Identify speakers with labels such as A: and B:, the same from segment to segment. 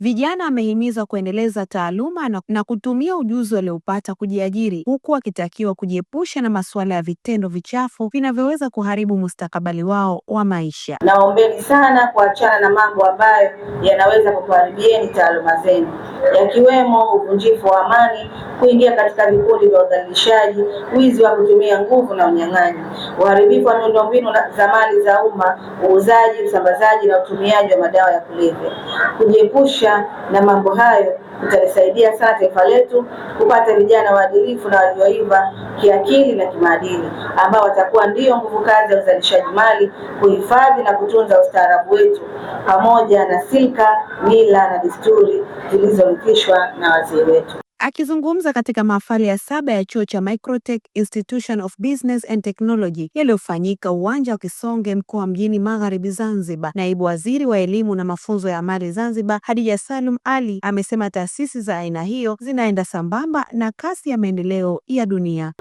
A: Vijana amehimizwa kuendeleza taaluma na, na kutumia ujuzi waliopata kujiajiri, huku wakitakiwa kujiepusha na masuala ya vitendo vichafu vinavyoweza kuharibu mustakabali wao wa maisha.
B: Naombeni sana kuachana na mambo ambayo yanaweza kukuharibieni taaluma zenu, yakiwemo uvunjifu wa amani, kuingia katika vikundi vya udhalilishaji, wizi wa kutumia nguvu na unyang'anyi, uharibifu wa miundombinu za mali za umma, uuzaji, usambazaji na utumiaji wa madawa ya kulevya, kujiepusha kujihusisha na mambo hayo italisaidia sana taifa letu kupata vijana waadilifu na walioiva kiakili na kimaadili ambao watakuwa ndio nguvu kazi ya uzalishaji mali, kuhifadhi na kutunza ustaarabu wetu pamoja na silka, mila na desturi zilizorithishwa na wazee wetu.
A: Akizungumza katika mahafali ya saba ya chuo cha Microtech Institution of Business and Technology yaliyofanyika uwanja wa Kisonge mkoa mjini Magharibi Zanzibar, naibu waziri wa elimu na mafunzo ya amali Zanzibar, hadija Salum Ali, amesema taasisi za aina hiyo zinaenda sambamba na kasi ya maendeleo ya dunia.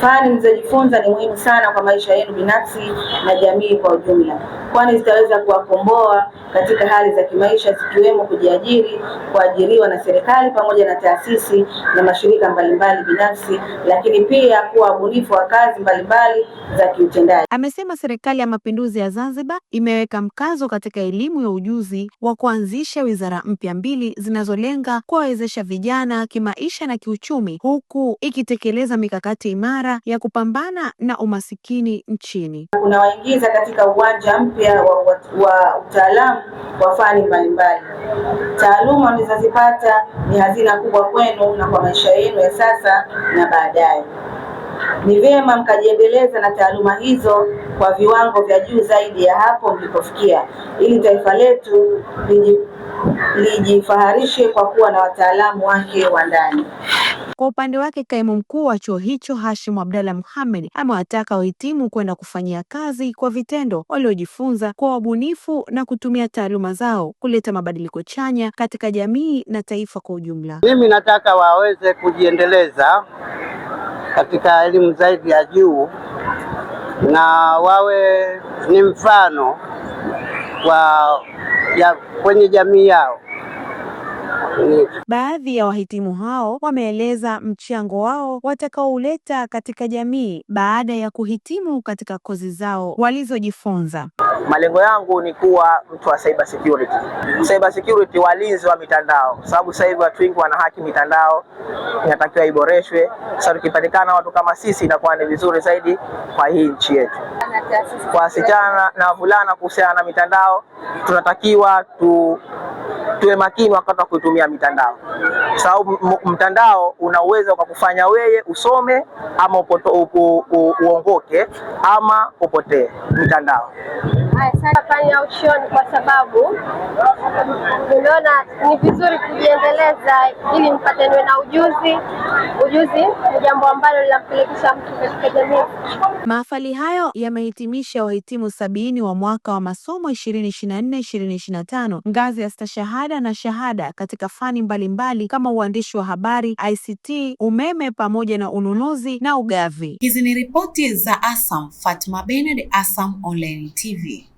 B: Fani mlizojifunza ni muhimu sana kwa maisha yenu binafsi na jamii kwa ujumla, kwani zitaweza kuwakomboa katika hali za kimaisha zikiwemo kujiajiri, kuajiriwa na serikali pamoja na taasisi na mashirika mbalimbali binafsi, lakini pia kuwa wabunifu wa kazi mbalimbali za kiutendaji.
A: Amesema Serikali ya Mapinduzi ya Zanzibar imeweka mkazo katika elimu ya ujuzi wa kuanzisha wizara mpya mbili zinazolenga kuwawezesha vijana kimaisha na kiuchumi, huku ikitekeleza mikakati imara ya kupambana na umasikini nchini.
B: Unawaingiza katika uwanja mpya wa, wa, wa utaalamu kwa fani mbalimbali. Taaluma mlizozipata ni hazina kubwa kwenu na kwa maisha yenu ya sasa na baadaye. Ni vyema mkajiendeleza na taaluma hizo kwa viwango vya juu zaidi ya hapo mlipofikia, ili taifa letu lijifaharishe kwa kuwa na wataalamu wake wa ndani.
A: Kwa upande wake, kaimu mkuu wa chuo hicho Hashim Abdalla Muhammad amewataka wahitimu kwenda kufanyia kazi kwa vitendo waliojifunza kwa wabunifu na kutumia taaluma zao kuleta mabadiliko chanya katika jamii na taifa kwa ujumla.
C: Mimi nataka waweze kujiendeleza katika elimu zaidi ya juu na wawe ni mfano wa ya kwenye jamii yao.
A: Baadhi ya wahitimu hao wameeleza mchango wao watakaouleta katika jamii baada ya kuhitimu katika kozi zao walizojifunza.
D: Malengo yangu ni kuwa mtu wa cyber security. Cyber security, walinzi wa mitandao, sababu sasa hivi watu wengi wana haki mitandao, inatakiwa iboreshwe. Sasa tukipatikana watu kama sisi, inakuwa ni vizuri zaidi kwa hii nchi yetu. Kwa wasichana na wavulana, kuhusiana na mitandao, tunatakiwa tu tuwe makini wakati wa kuitumia mitandao, sababu mtandao una uwezo kwa kufanya weye usome ama upoto, u, u, uongoke ama upotee mitandao.
E: Fanya ushoni kwa sababu niliona ni vizuri kujiendeleza ili mpate niwe na ujuzi. Ujuzi ni jambo ambalo linampelekesha mtu katika jamii.
A: Mahafali hayo yamehitimisha wahitimu sabini wa mwaka wa masomo 2024-2025 ngazi ya stashahada na shahada katika fani mbalimbali kama uandishi wa habari, ICT, umeme pamoja na ununuzi na ugavi.
F: Hizi ni ripoti za ASAM. Fatma Benard, ASAM Online TV.